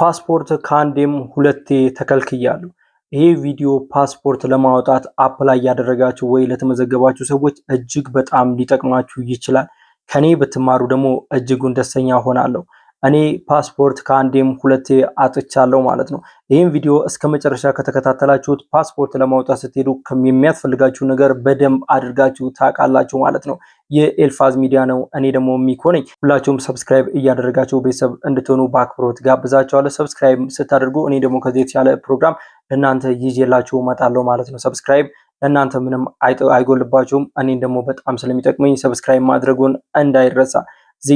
ፓስፖርት ከአንዴም ሁለቴ ተከልክያሉ። ይሄ ቪዲዮ ፓስፖርት ለማውጣት አፕላይ ያደረጋችሁ ወይ ለተመዘገባችሁ ሰዎች እጅግ በጣም ሊጠቅማችሁ ይችላል። ከኔ ብትማሩ ደግሞ እጅጉን ደስተኛ ሆናለሁ። እኔ ፓስፖርት ከአንዴም ሁለቴ አጥቻለሁ ማለት ነው። ይህም ቪዲዮ እስከ መጨረሻ ከተከታተላችሁት ፓስፖርት ለማውጣት ስትሄዱ የሚያስፈልጋችሁ ነገር በደንብ አድርጋችሁ ታውቃላችሁ ማለት ነው። የኤልፋዝ ሚዲያ ነው። እኔ ደግሞ ሚኮ ነኝ። ሁላችሁም ሰብስክራይብ እያደረጋችሁ ቤተሰብ እንድትሆኑ በአክብሮት ጋብዛችኋለሁ። ሰብስክራይብ ስታደርጉ እኔ ደግሞ ከዚህ የተሻለ ፕሮግራም ለእናንተ ይዤላችሁ እመጣለሁ ማለት ነው። ሰብስክራይብ ለእናንተ ምንም አይጎልባችሁም። እኔን ደግሞ በጣም ስለሚጠቅመኝ ሰብስክራይብ ማድረጉን እንዳይረሳ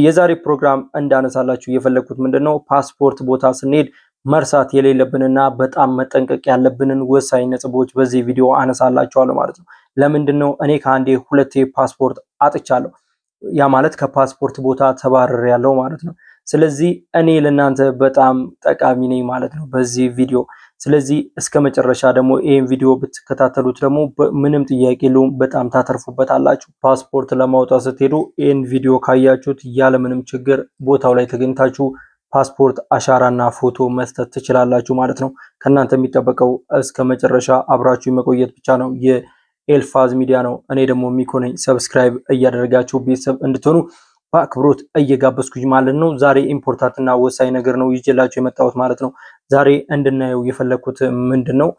የዛሬ ፕሮግራም እንዳነሳላችሁ የፈለግኩት ምንድን ነው ፓስፖርት ቦታ ስንሄድ መርሳት የሌለብንና በጣም መጠንቀቅ ያለብንን ወሳኝ ነጥቦች በዚህ ቪዲዮ አነሳላችኋለሁ ማለት ነው። ለምንድን ነው እኔ ከአንዴ ሁለቴ ፓስፖርት አጥቻለሁ። ያ ማለት ከፓስፖርት ቦታ ተባረር ያለው ማለት ነው። ስለዚህ እኔ ለእናንተ በጣም ጠቃሚ ነኝ ማለት ነው በዚህ ቪዲዮ ስለዚህ እስከ መጨረሻ ደግሞ ይህን ቪዲዮ ብትከታተሉት ደግሞ ምንም ጥያቄ የለውም፣ በጣም ታተርፉበታላችሁ። ፓስፖርት ለማውጣት ስትሄዱ ይህን ቪዲዮ ካያችሁት ያለምንም ችግር ቦታው ላይ ተገኝታችሁ ፓስፖርት አሻራና ፎቶ መስጠት ትችላላችሁ ማለት ነው። ከእናንተ የሚጠበቀው እስከ መጨረሻ አብራችሁ መቆየት ብቻ ነው። የኤልፋዝ ሚዲያ ነው። እኔ ደግሞ የሚኮነኝ ሰብስክራይብ እያደረጋችሁ ቤተሰብ እንድትሆኑ በአክብሮት እየጋበዝኩኝ ማለት ነው። ዛሬ እና ወሳኝ ነገር ነው ይዤላችሁ የመጣሁት ማለት ነው። ዛሬ እንድናየው የፈለግኩት ምንድን ነው፣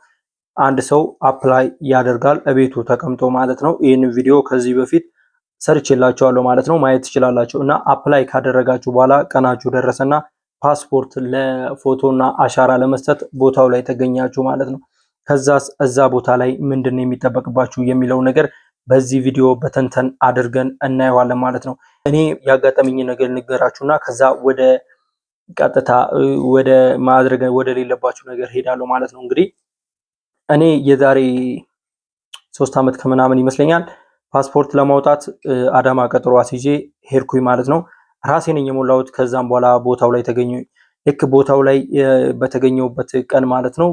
አንድ ሰው አፕላይ ያደርጋል እቤቱ ተቀምጦ ማለት ነው። ይህን ቪዲዮ ከዚህ በፊት ሰርች የላቸዋለሁ ማለት ነው፣ ማየት ትችላላቸው እና አፕላይ ካደረጋችሁ በኋላ ቀናችሁ ደረሰና ፓስፖርት ለፎቶና አሻራ ለመስጠት ቦታው ላይ ተገኛችሁ ማለት ነው። ከዛስ እዛ ቦታ ላይ ምንድን ነው የሚጠበቅባችሁ የሚለው ነገር በዚህ ቪዲዮ በተንተን አድርገን እናየዋለን ማለት ነው። እኔ ያጋጠመኝ ነገር ንገራችሁና ከዛ ወደ ቀጥታ ወደ ማድረግ ወደ ሌለባችሁ ነገር ሄዳለሁ ማለት ነው። እንግዲህ እኔ የዛሬ ሶስት ዓመት ከምናምን ይመስለኛል ፓስፖርት ለማውጣት አዳማ ቀጠሮ አስይዤ ሄድኩኝ ማለት ነው። ራሴ ነኝ የሞላሁት። ከዛም በኋላ ቦታው ላይ ተገኘ። ልክ ቦታው ላይ በተገኘውበት ቀን ማለት ነው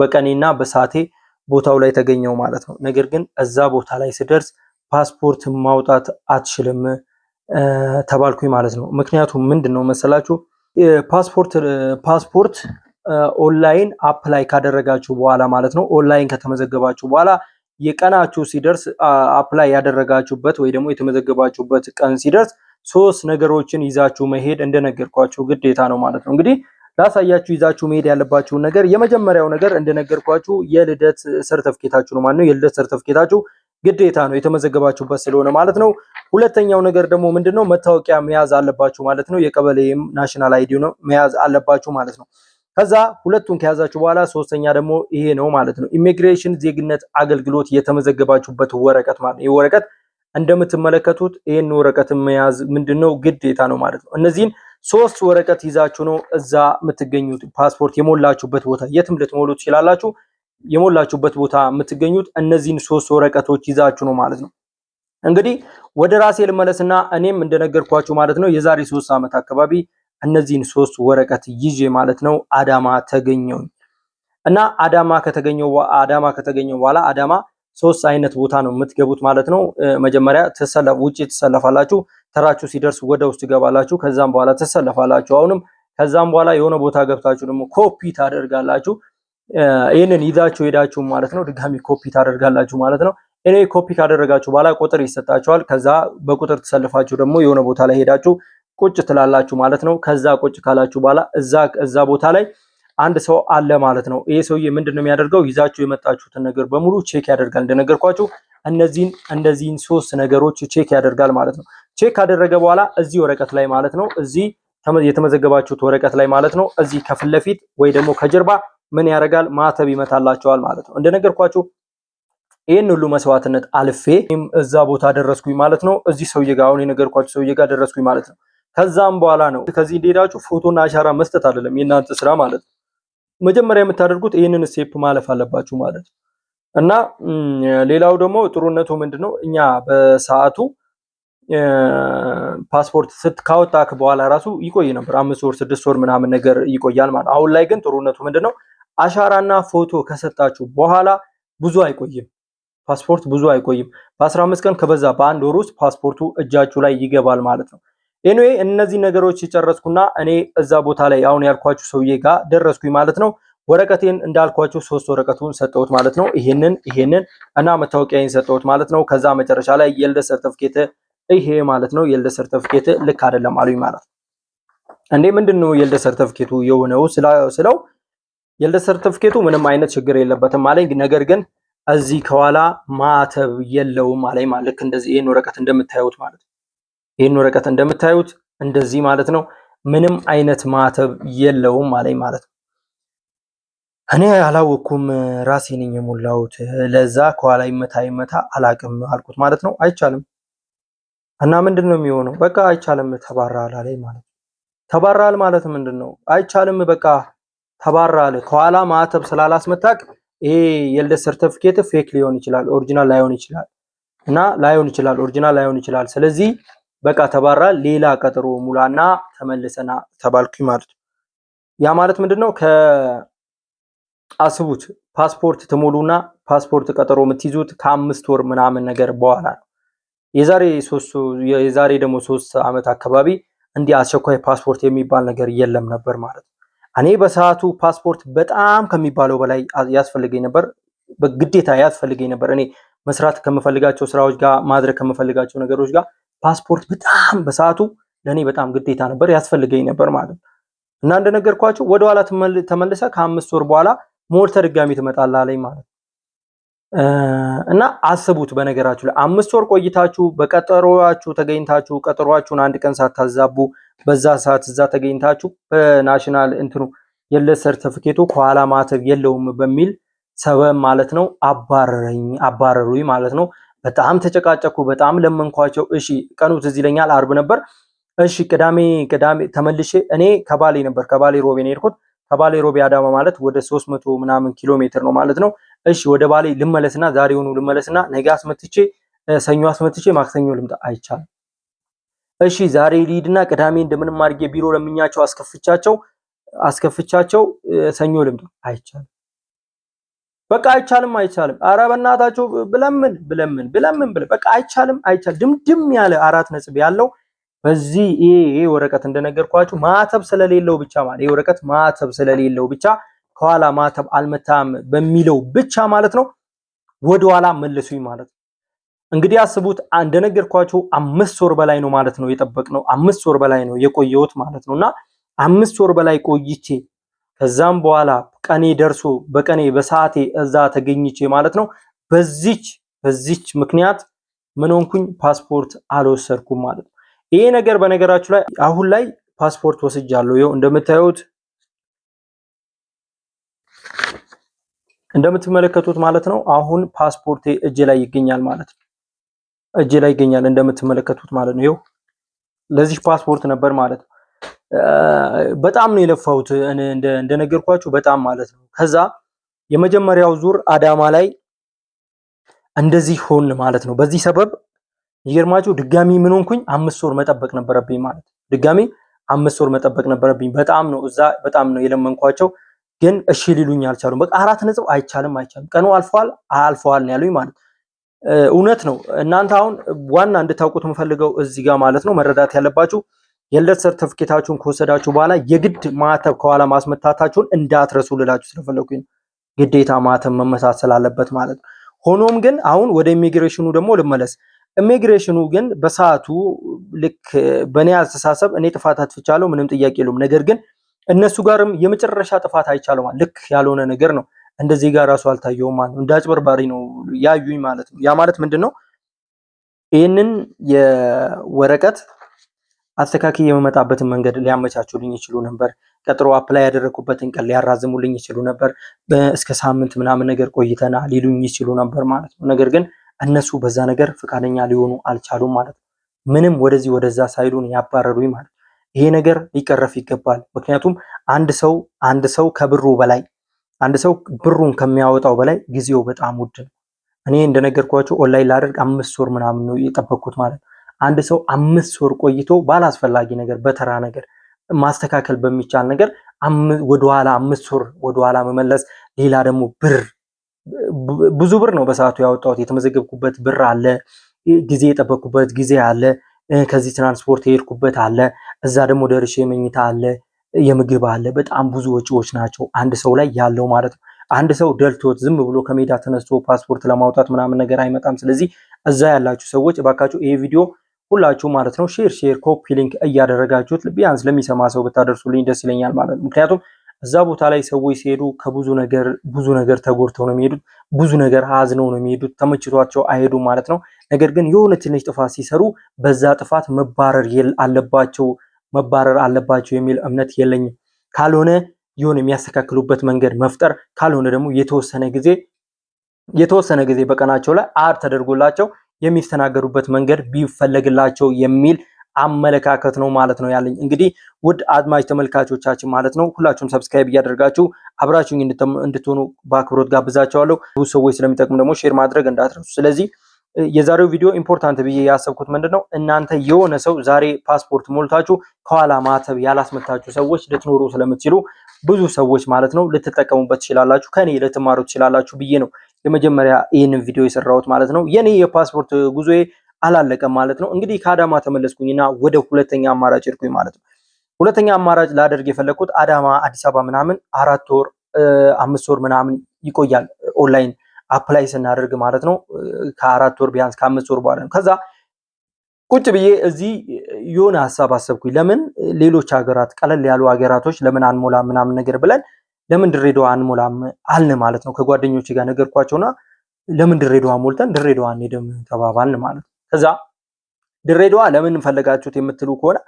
በቀኔና በሰዓቴ ቦታው ላይ ተገኘው ማለት ነው። ነገር ግን እዛ ቦታ ላይ ስደርስ ፓስፖርት ማውጣት አትችልም ተባልኩኝ ማለት ነው። ምክንያቱም ምንድን ነው መሰላችሁ ፓስፖርት ፓስፖርት ኦንላይን አፕላይ ካደረጋችሁ በኋላ ማለት ነው ኦንላይን ከተመዘገባችሁ በኋላ የቀናችሁ ሲደርስ አፕላይ ያደረጋችሁበት ወይ ደግሞ የተመዘገባችሁበት ቀን ሲደርስ ሶስት ነገሮችን ይዛችሁ መሄድ እንደነገርኳችሁ ግዴታ ነው ማለት ነው። እንግዲህ ላሳያችሁ ይዛችሁ መሄድ ያለባችሁን ነገር የመጀመሪያው ነገር እንደነገርኳችሁ የልደት ሰርተፍኬታችሁ ነው ማለት ነው። የልደት ሰርተፍኬታችሁ ግዴታ ነው የተመዘገባችሁበት ስለሆነ ማለት ነው። ሁለተኛው ነገር ደግሞ ምንድነው መታወቂያ መያዝ አለባችሁ ማለት ነው። የቀበሌ ናሽናል አይዲ ነው መያዝ አለባችሁ ማለት ነው። ከዛ ሁለቱን ከያዛችሁ በኋላ ሶስተኛ ደግሞ ይሄ ነው ማለት ነው። ኢሚግሬሽን ዜግነት አገልግሎት የተመዘገባችሁበት ወረቀት ማለት ነው። ይህ ወረቀት እንደምትመለከቱት ይህን ወረቀት መያዝ ምንድነው ግዴታ ነው ማለት ነው። እነዚህን ሶስት ወረቀት ይዛችሁ ነው እዛ የምትገኙት ፓስፖርት የሞላችሁበት ቦታ የትም ልትሞሉ ትችላላችሁ። የሞላችሁበት ቦታ የምትገኙት እነዚህን ሶስት ወረቀቶች ይዛችሁ ነው ማለት ነው። እንግዲህ ወደ ራሴ ልመለስና እኔም እንደነገርኳችሁ ማለት ነው የዛሬ ሶስት ዓመት አካባቢ እነዚህን ሶስት ወረቀት ይዤ ማለት ነው አዳማ ተገኘው እና አዳማ ከተገኘው አዳማ ከተገኘው በኋላ አዳማ ሶስት አይነት ቦታ ነው የምትገቡት ማለት ነው። መጀመሪያ ተሰለፍ ውጭ ትሰለፋላችሁ። ተራችሁ ሲደርስ ወደ ውስጥ ገባላችሁ። ከዛም በኋላ ትሰለፋላችሁ አሁንም። ከዛም በኋላ የሆነ ቦታ ገብታችሁ ደግሞ ኮፒ ታደርጋላችሁ። ይህንን ይዛችሁ ሄዳችሁ ማለት ነው ድጋሚ ኮፒ ታደርጋላችሁ ማለት ነው። እኔ ኮፒ ካደረጋችሁ በኋላ ቁጥር ይሰጣችኋል። ከዛ በቁጥር ተሰልፋችሁ ደግሞ የሆነ ቦታ ላይ ሄዳችሁ ቁጭ ትላላችሁ ማለት ነው። ከዛ ቁጭ ካላችሁ በኋላ እዛ ቦታ ላይ አንድ ሰው አለ ማለት ነው። ይሄ ሰውዬ ምንድን ነው የሚያደርገው? ይዛችሁ የመጣችሁትን ነገር በሙሉ ቼክ ያደርጋል። እንደነገርኳችሁ እነዚህን እነዚህን ሶስት ነገሮች ቼክ ያደርጋል ማለት ነው። ቼክ ካደረገ በኋላ እዚህ ወረቀት ላይ ማለት ነው እዚህ የተመዘገባችሁት ወረቀት ላይ ማለት ነው እዚህ ከፊት ለፊት ወይ ደግሞ ከጀርባ ምን ያደርጋል? ማተብ ይመታላቸዋል ማለት ነው። እንደነገርኳችሁ ይህን ሁሉ መስዋዕትነት አልፌ እዛ ቦታ ደረስኩኝ ማለት ነው። እዚህ ሰውዬ ጋር አሁን የነገርኳችሁ ሰውዬ ጋር ደረስኩኝ ማለት ነው። ከዛም በኋላ ነው ከዚህ እንደሄዳችሁ ፎቶና አሻራ መስጠት አይደለም የእናንተ ስራ ማለት ነው። መጀመሪያ የምታደርጉት ይህንን ሴፕ ማለፍ አለባችሁ ማለት ነው። እና ሌላው ደግሞ ጥሩነቱ ምንድነው እኛ በሰዓቱ ፓስፖርት ካወጣክ በኋላ ራሱ ይቆይ ነበር። አምስት ወር ስድስት ወር ምናምን ነገር ይቆያል ማለት። አሁን ላይ ግን ጥሩነቱ ምንድነው አሻራና ፎቶ ከሰጣችሁ በኋላ ብዙ አይቆይም። ፓስፖርት ብዙ አይቆይም። በ15 ቀን ከበዛ በአንድ ወር ውስጥ ፓስፖርቱ እጃችሁ ላይ ይገባል ማለት ነው። ኤኒዌይ እነዚህ ነገሮች የጨረስኩና እኔ እዛ ቦታ ላይ አሁን ያልኳችሁ ሰውዬ ጋር ደረስኩኝ ማለት ነው። ወረቀቴን እንዳልኳችሁ ሶስት ወረቀቱን ሰጠሁት ማለት ነው። ይሄንን ይሄንን እና መታወቂያን ሰጠሁት ማለት ነው። ከዛ መጨረሻ ላይ የልደት ሰርተፍኬት ይሄ ማለት ነው። የልደት ሰርተፍኬት ልክ አይደለም አሉኝ ማለት ነው። እንዴ ምንድን ነው የልደት ሰርተፍኬቱ የሆነው ስለው የልደት ሰርተፍኬቱ ምንም አይነት ችግር የለበትም አለኝ። ነገር ግን እዚህ ከኋላ ማተብ የለውም አለኝ። ማለት እንደዚህ ይህን ወረቀት እንደምታዩት ማለት ይህን ወረቀት እንደምታዩት እንደዚህ ማለት ነው። ምንም አይነት ማተብ የለውም አለኝ ማለት ነው። እኔ አላወኩም ራሴ ነኝ የሞላሁት። ለዛ ከኋላ ይመታ ይመታ አላቅም አልኩት ማለት ነው። አይቻልም እና ምንድን ነው የሚሆነው? በቃ አይቻልም ተባራል አለኝ ማለት ነው። ተባራል ማለት ምንድን ነው? አይቻልም በቃ ተባራ አለ። ከኋላ ማተብ ስላላስመታክ ይሄ የልደት ሰርተፍኬት ፌክ ሊሆን ይችላል፣ ኦሪጂናል ላይሆን ይችላል እና ላይሆን ይችላል፣ ኦሪጂናል ላይሆን ይችላል። ስለዚህ በቃ ተባራ፣ ሌላ ቀጠሮ ሙላና ተመልሰና ተባልኩኝ ማለት ነው። ያ ማለት ምንድነው? ከአስቡት ፓስፖርት ትሞሉና ፓስፖርት ቀጠሮ የምትይዙት ከአምስት ወር ምናምን ነገር በኋላ ነው። የዛሬ ሶስት የዛሬ ደግሞ ሶስት አመት አካባቢ እንዲህ አስቸኳይ ፓስፖርት የሚባል ነገር የለም ነበር ማለት ነው። እኔ በሰዓቱ ፓስፖርት በጣም ከሚባለው በላይ ያስፈልገኝ ነበር፣ በግዴታ ያስፈልገኝ ነበር። እኔ መስራት ከምፈልጋቸው ስራዎች ጋር ማድረግ ከምፈልጋቸው ነገሮች ጋር ፓስፖርት በጣም በሰዓቱ ለእኔ በጣም ግዴታ ነበር፣ ያስፈልገኝ ነበር ማለት ነው። እና እንደነገርኳቸው ወደኋላ ተመልሰ ከአምስት ወር በኋላ ሞልተ ድጋሚ ትመጣላ ላይ ማለት ነው። እና አስቡት። በነገራችሁ ላይ አምስት ወር ቆይታችሁ በቀጠሮችሁ ተገኝታችሁ ቀጠሯችሁን አንድ ቀን ሳታዛቡ በዛ ሰዓት እዛ ተገኝታችሁ በናሽናል እንትኑ የለ ሰርተፊኬቱ ከኋላ ማተብ የለውም በሚል ሰበብ ማለት ነው አባረረኝ አባረሩኝ ማለት ነው። በጣም ተጨቃጨኩ፣ በጣም ለመንኳቸው። እሺ ቀኑ ትዝ ይለኛል አርብ ነበር። እሺ ቅዳሜ ቅዳሜ ተመልሼ እኔ ከባሌ ነበር ከባሌ ሮቤን ሄድኩት። ከባሌ ሮቤ አዳማ ማለት ወደ 300 ምናምን ኪሎ ሜትር ነው ማለት ነው። እሺ ወደ ባሌ ልመለስና ዛሬውኑ ልመለስና ነገ አስመትቼ ሰኞ አስመትቼ ማክሰኞ ልምጣ አይቻልም። እሺ ዛሬ ሊድና ቅዳሜ እንደምንም አድርጌ ቢሮ ለምኛቸው አስከፍቻቸው አስከፍቻቸው ሰኞ ልምድ አይቻልም። በቃ አይቻልም አይቻልም። አረ በእናታቸው ብለምን ብለምን ብለምን ብለ በቃ አይቻልም አይቻልም። ድምድም ያለ አራት ነጥብ ያለው በዚህ ይሄ ወረቀት እንደነገርኳችሁ ማተብ ስለሌለው ብቻ ማለት ይሄ ወረቀት ማተብ ስለሌለው ብቻ ከኋላ ማተብ አልመታም በሚለው ብቻ ማለት ነው ወደኋላ መልሱኝ ማለት ነው። እንግዲህ አስቡት እንደነገርኳችሁ አምስት ወር በላይ ነው ማለት ነው የጠበቅነው። አምስት ወር በላይ ነው የቆየሁት ማለት ነው እና አምስት ወር በላይ ቆይቼ ከዛም በኋላ ቀኔ ደርሶ በቀኔ በሰዓቴ እዛ ተገኝቼ ማለት ነው በዚች በዚች ምክንያት ምን ሆንኩኝ? ፓስፖርት አልወሰድኩም ማለት ነው። ይሄ ነገር በነገራችሁ ላይ አሁን ላይ ፓስፖርት ወስጃለሁ። ይኸው እንደምታዩት እንደምትመለከቱት ማለት ነው አሁን ፓስፖርቴ እጅ ላይ ይገኛል ማለት ነው። እጅ ላይ ይገኛል እንደምትመለከቱት ማለት ነው። ይኸው ለዚህ ፓስፖርት ነበር ማለት ነው። በጣም ነው የለፋሁት እንደነገርኳችሁ በጣም ማለት ነው። ከዛ የመጀመሪያው ዙር አዳማ ላይ እንደዚህ ሆን ማለት ነው። በዚህ ሰበብ ይገርማችሁ ድጋሚ ምን ሆንኩኝ? አምስት ወር መጠበቅ ነበረብኝ ማለት ነው። ድጋሚ አምስት ወር መጠበቅ ነበረብኝ። በጣም ነው እዛ በጣም ነው የለመንኳቸው፣ ግን እሺ ሊሉኝ አልቻሉም። በቃ አራት ነጥብ አይቻልም አይቻልም፣ ቀኑ አልፏል አልፏል ነው ያሉኝ ማለት ነው። እውነት ነው። እናንተ አሁን ዋና እንድታውቁት የምፈልገው እዚህ ጋር ማለት ነው መረዳት ያለባችሁ የልደት ሰርተፍኬታችሁን ከወሰዳችሁ በኋላ የግድ ማተብ ከኋላ ማስመታታችሁን እንዳትረሱ ልላችሁ ስለፈለኩኝ ነው። ግዴታ ማተብ መመሳሰል አለበት ማለት ነው። ሆኖም ግን አሁን ወደ ኢሚግሬሽኑ ደግሞ ልመለስ። ኢሚግሬሽኑ ግን በሰዓቱ ልክ በእኔ አስተሳሰብ እኔ ጥፋት አትፍቻለሁ፣ ምንም ጥያቄ የለውም። ነገር ግን እነሱ ጋርም የመጨረሻ ጥፋት አይቻለሁ፣ ልክ ያልሆነ ነገር ነው። እንደዚህ ጋር ራሱ አልታየውም ማለት ነው። እንደ አጭበርባሪ ነው ያዩኝ ማለት ነው። ያ ማለት ምንድን ነው? ይህንን የወረቀት አስተካክዬ የመመጣበትን መንገድ ሊያመቻቹልኝ ይችሉ ነበር። ቀጥሮ አፕላይ ያደረግኩበትን ቀን ሊያራዝሙልኝ ይችሉ ነበር። እስከ ሳምንት ምናምን ነገር ቆይተና ሊሉኝ ይችሉ ነበር ማለት ነው። ነገር ግን እነሱ በዛ ነገር ፈቃደኛ ሊሆኑ አልቻሉም ማለት ነው። ምንም ወደዚህ ወደዛ ሳይሉን ያባረሩኝ ማለት ነው። ይሄ ነገር ሊቀረፍ ይገባል። ምክንያቱም አንድ ሰው አንድ ሰው ከብሩ በላይ አንድ ሰው ብሩን ከሚያወጣው በላይ ጊዜው በጣም ውድ ነው። እኔ እንደነገርኳቸው ኦንላይን ላደርግ አምስት ወር ምናምን ነው የጠበቅኩት ማለት ነው። አንድ ሰው አምስት ወር ቆይቶ ባላስፈላጊ ነገር፣ በተራ ነገር ማስተካከል በሚቻል ነገር ወደኋላ አምስት ወር ወደኋላ መመለስ፣ ሌላ ደግሞ ብር ብዙ ብር ነው በሰዓቱ ያወጣሁት። የተመዘገብኩበት ብር አለ፣ ጊዜ የጠበቅኩበት ጊዜ አለ፣ ከዚህ ትራንስፖርት የሄድኩበት አለ፣ እዛ ደግሞ ደርሼ መኝታ አለ የምግብ አለ። በጣም ብዙ ወጪዎች ናቸው አንድ ሰው ላይ ያለው ማለት ነው። አንድ ሰው ደልቶት ዝም ብሎ ከሜዳ ተነስቶ ፓስፖርት ለማውጣት ምናምን ነገር አይመጣም። ስለዚህ እዛ ያላችሁ ሰዎች እባካችሁ ይሄ ቪዲዮ ሁላችሁ ማለት ነው ሼር ሼር ኮፒ ሊንክ እያደረጋችሁት ቢያንስ ለሚሰማ ሰው ብታደርሱልኝ ደስ ይለኛል ማለት ነው። ምክንያቱም እዛ ቦታ ላይ ሰዎች ሲሄዱ ከብዙ ነገር ብዙ ነገር ተጎድተው ነው የሚሄዱት። ብዙ ነገር አዝነው ነው የሚሄዱት። ተመችቷቸው አይሄዱ ማለት ነው። ነገር ግን የሆነ ትንሽ ጥፋት ሲሰሩ በዛ ጥፋት መባረር አለባቸው መባረር አለባቸው የሚል እምነት የለኝም። ካልሆነ ይሁን የሚያስተካክሉበት መንገድ መፍጠር፣ ካልሆነ ደግሞ የተወሰነ ጊዜ የተወሰነ ጊዜ በቀናቸው ላይ አር ተደርጎላቸው የሚስተናገዱበት መንገድ ቢፈለግላቸው የሚል አመለካከት ነው ማለት ነው ያለኝ። እንግዲህ ውድ አድማጭ ተመልካቾቻችን ማለት ነው ሁላችሁም ሰብስክራይብ እያደረጋችሁ አብራችሁ እንድትሆኑ በአክብሮት ጋብዛቸዋለሁ። ብዙ ሰዎች ስለሚጠቅም ደግሞ ሼር ማድረግ እንዳትረሱ። ስለዚህ የዛሬው ቪዲዮ ኢምፖርታንት ብዬ ያሰብኩት ምንድን ነው እናንተ የሆነ ሰው ዛሬ ፓስፖርት ሞልታችሁ ከኋላ ማተብ ያላስመታችሁ ሰዎች ልትኖሩ ስለምትችሉ ብዙ ሰዎች ማለት ነው ልትጠቀሙበት ትችላላችሁ፣ ከኔ ልትማሩ ትችላላችሁ ብዬ ነው የመጀመሪያ ይህንን ቪዲዮ የሰራሁት ማለት ነው። የኔ የፓስፖርት ጉዞዬ አላለቀም ማለት ነው። እንግዲህ ከአዳማ ተመለስኩኝና ወደ ሁለተኛ አማራጭ ሄድኩኝ ማለት ነው። ሁለተኛ አማራጭ ላደርግ የፈለግኩት አዳማ አዲስ አበባ ምናምን አራት ወር አምስት ወር ምናምን ይቆያል ኦንላይን አፕላይ ስናደርግ ማለት ነው ከአራት ወር ቢያንስ ከአምስት ወር በኋላ ነው። ከዛ ቁጭ ብዬ እዚህ የሆነ ሀሳብ አሰብኩኝ። ለምን ሌሎች ሀገራት ቀለል ያሉ ሀገራቶች ለምን አንሞላ ምናምን ነገር ብለን ለምን ድሬዳዋ አንሞላም አልን ማለት ነው። ከጓደኞች ጋር ነገርኳቸውና ለምን ድሬዳዋ ሞልተን ድሬዳዋ አንሄድም ተባባልን ማለት ነው። ከዛ ድሬዳዋ ለምን እንፈልጋችሁት የምትሉ ከሆነ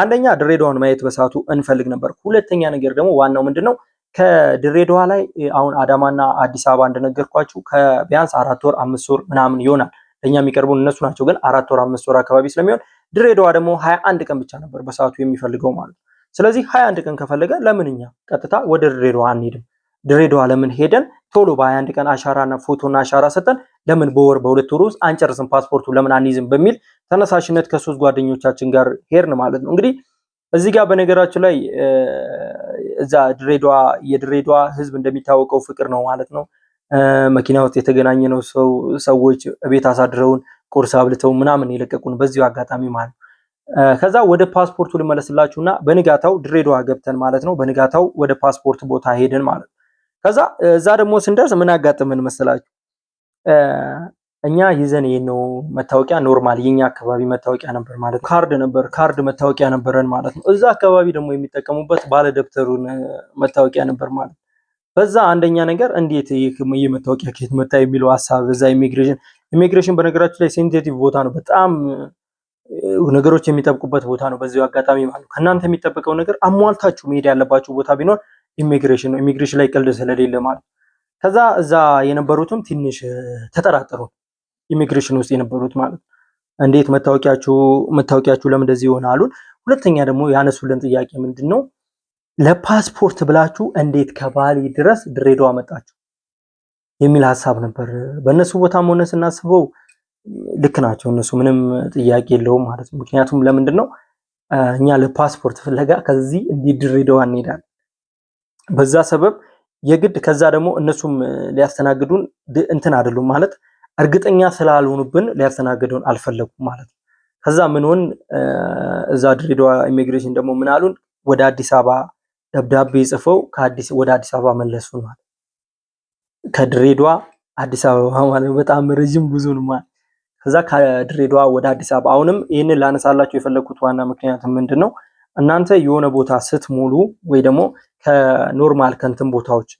አንደኛ ድሬዳዋን ማየት በሰዓቱ እንፈልግ ነበር። ሁለተኛ ነገር ደግሞ ዋናው ምንድን ነው ከድሬዳዋ ላይ አሁን አዳማና አዲስ አበባ እንደነገርኳችሁ ከቢያንስ አራት ወር አምስት ወር ምናምን ይሆናል ለእኛ የሚቀርቡን እነሱ ናቸው። ግን አራት ወር አምስት ወር አካባቢ ስለሚሆን ድሬዳዋ ደግሞ ሀያ አንድ ቀን ብቻ ነበር በሰዓቱ የሚፈልገው ማለት ነው። ስለዚህ ሀያ አንድ ቀን ከፈለገ ለምን እኛ ቀጥታ ወደ ድሬዳዋ አንሄድም? ድሬዳዋ ለምን ሄደን ቶሎ በሀያ አንድ ቀን አሻራና ፎቶና አሻራ ሰጠን ለምን በወር በሁለት ወር ውስጥ አንጨርስም? ፓስፖርቱ ለምን አንይዝም? በሚል ተነሳሽነት ከሶስት ጓደኞቻችን ጋር ሄድን ማለት ነው። እንግዲህ እዚህ ጋር በነገራችን ላይ እዛ ድሬዳዋ የድሬዳዋ ህዝብ እንደሚታወቀው ፍቅር ነው ማለት ነው። መኪና ውስጥ የተገናኘ ነው ሰው ሰዎች ቤት አሳድረውን ቁርስ አብልተው ምናምን የለቀቁን በዚሁ አጋጣሚ ማለት ነው። ከዛ ወደ ፓስፖርቱ ልመለስላችሁ እና በንጋታው ድሬዳዋ ገብተን ማለት ነው በንጋታው ወደ ፓስፖርት ቦታ ሄደን ማለት ነው። ከዛ እዛ ደግሞ ስንደርስ ምን አጋጥምን መሰላችሁ? እኛ ይዘን ይሄን ነው መታወቂያ ኖርማል የኛ አካባቢ መታወቂያ ነበር ማለት ነው። ካርድ ነበር ካርድ መታወቂያ ነበረን ማለት ነው። እዛ አካባቢ ደግሞ የሚጠቀሙበት ባለደብተሩን መታወቂያ ነበር ማለት ነው። በዛ አንደኛ ነገር እንዴት ይህ መታወቂያ ከየት መጣ የሚለው ሀሳብ እዛ ኢሚግሬሽን ኢሚግሬሽን በነገራችን ላይ ሴንሴቲቭ ቦታ ነው። በጣም ነገሮች የሚጠብቁበት ቦታ ነው። በዚሁ አጋጣሚ ማለት ከእናንተ የሚጠበቀው ነገር አሟልታችሁ መሄድ ያለባችሁ ቦታ ቢኖር ኢሚግሬሽን ነው። ኢሚግሬሽን ላይ ቀልድ ስለሌለ ማለት ከዛ እዛ የነበሩትም ትንሽ ተጠራጠሩ። ኢሚግሬሽን ውስጥ የነበሩት ማለት እንዴት መታወቂያችሁ መታወቂያችሁ ለምን እንደዚህ ይሆን አሉን። ሁለተኛ ደግሞ ያነሱልን ጥያቄ ምንድን ነው? ለፓስፖርት ብላችሁ እንዴት ከባሊ ድረስ ድሬዳዋ መጣችሁ የሚል ሀሳብ ነበር። በእነሱ ቦታም ሆነ ስናስበው ልክ ናቸው እነሱ ምንም ጥያቄ የለውም ማለት ነው። ምክንያቱም ለምንድን ነው እኛ ለፓስፖርት ፍለጋ ከዚህ እንዲህ ድሬዳዋ እንሄዳለን። በዛ ሰበብ የግድ ከዛ ደግሞ እነሱም ሊያስተናግዱን እንትን አይደሉም ማለት እርግጠኛ ስላልሆኑብን ሊያስተናግዱን አልፈለጉም ማለት ነው። ከዛ ምንሆን እዛ ድሬዳዋ ኢሚግሬሽን ደግሞ ምን አሉን፣ ወደ አዲስ አበባ ደብዳቤ ጽፈው ወደ አዲስ አበባ መለሱን ማለት ከድሬዳዋ አዲስ አበባ ማለት በጣም ረዥም ጉዞ ነው ከዛ ከድሬዳዋ ወደ አዲስ አበባ። አሁንም ይህንን ላነሳላቸው የፈለግኩት ዋና ምክንያት ምንድን ነው፣ እናንተ የሆነ ቦታ ስትሞሉ ወይ ደግሞ ከኖርማል ከንትን ቦታዎች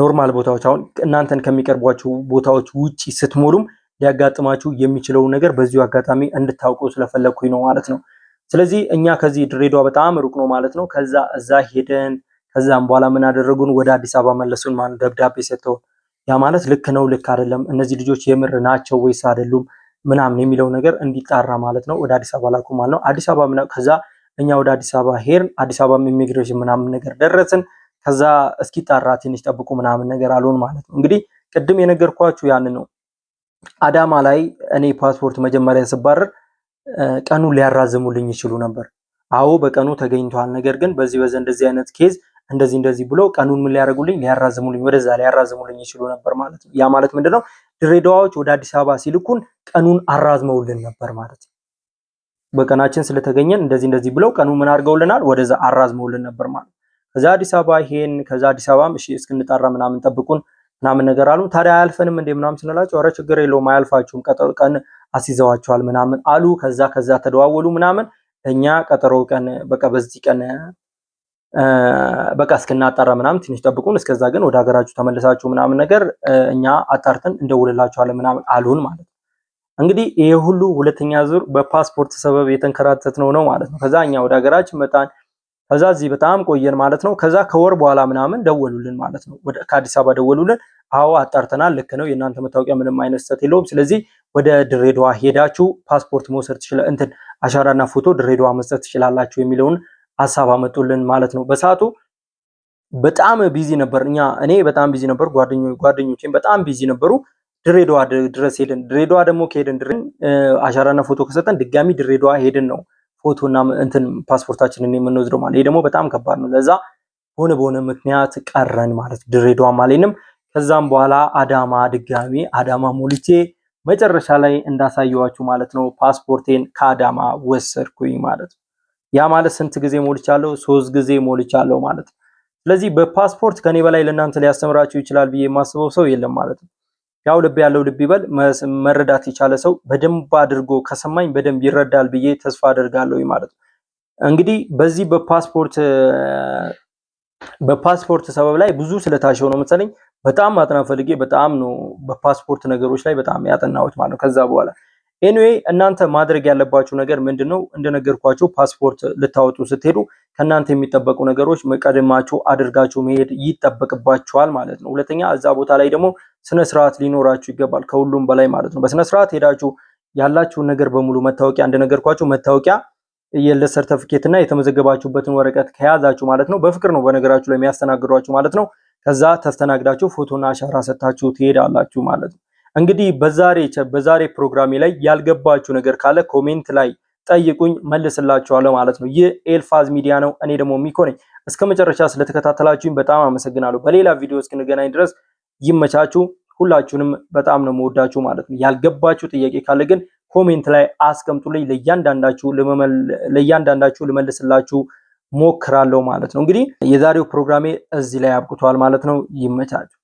ኖርማል ቦታዎች አሁን እናንተን ከሚቀርቧቸው ቦታዎች ውጭ ስትሞሉም ሊያጋጥማችሁ የሚችለውን ነገር በዚሁ አጋጣሚ እንድታውቁ ስለፈለግኩኝ ነው ማለት ነው። ስለዚህ እኛ ከዚህ ድሬዳዋ በጣም ሩቅ ነው ማለት ነው። ከዛ እዛ ሄደን ከዛም በኋላ ምን አደረጉን? ወደ አዲስ አበባ መለሱን። ማን ደብዳቤ ሰጥተውን። ያ ማለት ልክ ነው ልክ አይደለም፣ እነዚህ ልጆች የምር ናቸው ወይስ አይደሉም ምናምን የሚለው ነገር እንዲጣራ ማለት ነው። ወደ አዲስ አበባ ላኩ ማለት ነው። አዲስ አበባ ከዛ እኛ ወደ አዲስ አበባ ሄድን። አዲስ አበባ ኢሚግሬሽን ምናምን ነገር ደረስን። ከዛ እስኪጣራ ትንሽ ጠብቁ ምናምን ነገር አልሆን ማለት ነው። እንግዲህ ቅድም የነገርኳችሁ ያን ነው። አዳማ ላይ እኔ ፓስፖርት መጀመሪያ ስባረር ቀኑ ሊያራዝሙልኝ ይችሉ ነበር። አዎ በቀኑ ተገኝቷል፣ ነገር ግን በዚህ በዚህ እንደዚህ አይነት ኬዝ እንደዚህ እንደዚህ ብለው ቀኑን ምን ሊያደርጉልኝ ሊያራዝሙልኝ ወደዛ ሊያራዝሙልኝ ይችሉ ነበር ማለት ነው። ያ ማለት ምንድነው ድሬዳዋዎች ወደ አዲስ አበባ ሲልኩን ቀኑን አራዝመውልን ነበር ማለት ነው። በቀናችን ስለተገኘን እንደዚህ እንደዚህ ብለው ቀኑን ምን አድርገውልናል? ወደዛ አራዝመውልን ነበር ማለት ነው። ከዛ አዲስ አበባ ይሄን ከዛ አዲስ አበባም እሺ እስክንጠራ ምናምን ጠብቁን ምናምን ነገር አሉ። ታዲያ አያልፈንም እንደ ምናምን ስንላቸው ኧረ ችግር የለውም አያልፋችሁም፣ ቀጠሮ ቀን አስይዘዋቸዋል ምናምን አሉ። ከዛ ከዛ ተደዋወሉ ምናምን እኛ ቀጠሮ ቀን በቃ በዚህ ቀን በቃ እስክናጣራ ምናምን ትንሽ ጠብቁን፣ እስከዛ ግን ወደ ሀገራችሁ ተመልሳችሁ ምናምን ነገር እኛ አጣርተን እንደውልላችኋለን ምናምን አሉን ማለት ነው። እንግዲህ ይሄ ሁሉ ሁለተኛ ዙር በፓስፖርት ሰበብ የተንከራተት ነው ነው ማለት ነው። ከዛ እኛ ወደ ሀገራችን መጣን። ከዛ እዚህ በጣም ቆየን ማለት ነው። ከዛ ከወር በኋላ ምናምን ደወሉልን ማለት ነው። ከአዲስ አበባ ደወሉልን። አዎ አጣርተናል፣ ልክ ነው፣ የእናንተ መታወቂያ ምንም አይነት ስህተት የለውም። ስለዚህ ወደ ድሬዳዋ ሄዳችሁ ፓስፖርት መውሰድ ትችላ እንትን አሻራና ፎቶ ድሬዳዋ መስጠት ትችላላችሁ የሚለውን ሀሳብ አመጡልን ማለት ነው። በሰዓቱ በጣም ቢዚ ነበር፣ እኛ እኔ በጣም ቢዚ ነበር፣ ጓደኞቼም በጣም ቢዚ ነበሩ። ድሬዳዋ ድረስ ሄድን። ድሬዳዋ ደግሞ ከሄድን አሻራና ፎቶ ከሰጠን ድጋሚ ድሬዳዋ ሄድን ነው ፎቶ እና እንትን ፓስፖርታችንን የምንወስደው ማለት ይሄ ደግሞ በጣም ከባድ ነው። ለዛ በሆነ በሆነ ምክንያት ቀረን ማለት ድሬዳዋ ማለንም ከዛም በኋላ አዳማ ድጋሚ አዳማ ሞልቼ መጨረሻ ላይ እንዳሳየዋችሁ ማለት ነው ፓስፖርቴን ከአዳማ ወሰድኩኝ ማለት ነው። ያ ማለት ስንት ጊዜ ሞልቻለሁ? ሶስት ጊዜ ሞልቻለሁ ማለት ነው። ስለዚህ በፓስፖርት ከኔ በላይ ለእናንተ ሊያስተምራችሁ ይችላል ብዬ የማስበው ሰው የለም ማለት ነው። ያው ልብ ያለው ልብ ይበል። መረዳት የቻለ ሰው በደንብ አድርጎ ከሰማኝ በደንብ ይረዳል ብዬ ተስፋ አደርጋለሁ ማለት ነው። እንግዲህ በዚህ በፓስፖርት በፓስፖርት ሰበብ ላይ ብዙ ስለታሸው ነው መሰለኝ በጣም ማጥናት ፈልጌ በጣም ነው በፓስፖርት ነገሮች ላይ በጣም ያጠናሁት ማለት ነው ከዛ በኋላ ኤኒዌይ እናንተ ማድረግ ያለባችሁ ነገር ምንድን ነው? እንደነገርኳችሁ ፓስፖርት ልታወጡ ስትሄዱ ከእናንተ የሚጠበቁ ነገሮች መቀደማችሁ አድርጋችሁ መሄድ ይጠበቅባችኋል ማለት ነው። ሁለተኛ እዛ ቦታ ላይ ደግሞ ስነስርዓት ሊኖራችሁ ይገባል፣ ከሁሉም በላይ ማለት ነው። በስነስርዓት ሄዳችሁ ያላችሁን ነገር በሙሉ መታወቂያ እንደነገርኳችሁ መታወቂያ የለት እና የተመዘገባችሁበትን ወረቀት ከያዛችሁ ማለት ነው። በፍቅር ነው በነገራችሁ ላይ የሚያስተናግዷችሁ ማለት ነው። ከዛ ተስተናግዳችሁ ፎቶና አሻራ ሰጥታችሁ ትሄዳላችሁ ማለት ነው። እንግዲህ በዛሬ በዛሬ ፕሮግራሜ ላይ ያልገባችሁ ነገር ካለ ኮሜንት ላይ ጠይቁኝ፣ መልስላችኋለሁ ማለት ነው። ይህ ኤልፋዝ ሚዲያ ነው። እኔ ደግሞ ሚኮ ነኝ። እስከ መጨረሻ ስለተከታተላችሁኝ በጣም አመሰግናለሁ። በሌላ ቪዲዮ እስክንገናኝ ድረስ ይመቻችሁ። ሁላችሁንም በጣም ነው መወዳችሁ ማለት ነው። ያልገባችሁ ጥያቄ ካለ ግን ኮሜንት ላይ አስቀምጡልኝ። ለእያንዳንዳችሁ ልመልስላችሁ ሞክራለሁ ማለት ነው። እንግዲህ የዛሬው ፕሮግራሜ እዚህ ላይ አብቅቷል ማለት ነው። ይመቻችሁ።